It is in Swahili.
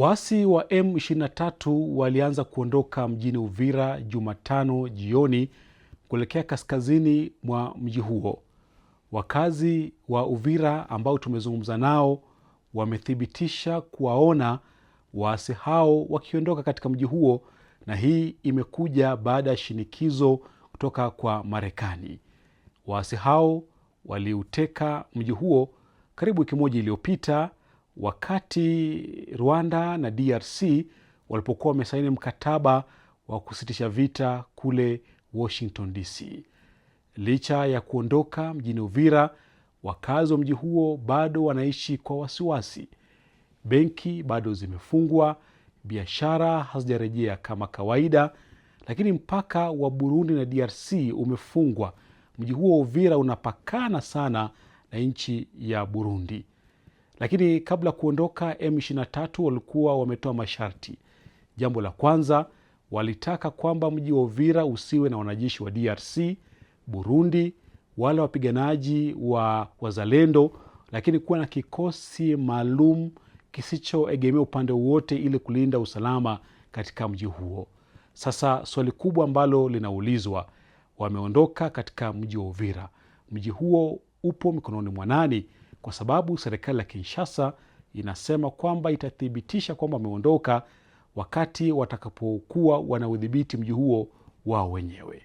Waasi wa M23 walianza kuondoka mjini Uvira Jumatano jioni kuelekea kaskazini mwa mji huo. Wakazi wa Uvira ambao tumezungumza nao wamethibitisha kuwaona waasi hao wakiondoka katika mji huo, na hii imekuja baada ya shinikizo kutoka kwa Marekani. Waasi hao waliuteka mji huo karibu wiki moja iliyopita wakati Rwanda na DRC walipokuwa wamesaini mkataba wa kusitisha vita kule Washington DC. Licha ya kuondoka mjini Uvira, wakazi wa mji huo bado wanaishi kwa wasiwasi. Benki bado zimefungwa, biashara hazijarejea kama kawaida, lakini mpaka wa Burundi na DRC umefungwa. Mji huo wa Uvira unapakana sana na nchi ya Burundi. Lakini kabla kuondoka, M23 walikuwa wametoa masharti. Jambo la kwanza, walitaka kwamba mji wa Uvira usiwe na wanajeshi wa DRC, Burundi wala wapiganaji wa wazalendo, lakini kuwa na kikosi maalum kisichoegemea upande wowote ili kulinda usalama katika mji huo. Sasa swali kubwa ambalo linaulizwa, wameondoka katika mji wa Uvira, mji huo upo mikononi mwa nani? kwa sababu serikali ya Kinshasa inasema kwamba itathibitisha kwamba wameondoka wakati watakapokuwa wanaudhibiti mji huo wao wenyewe.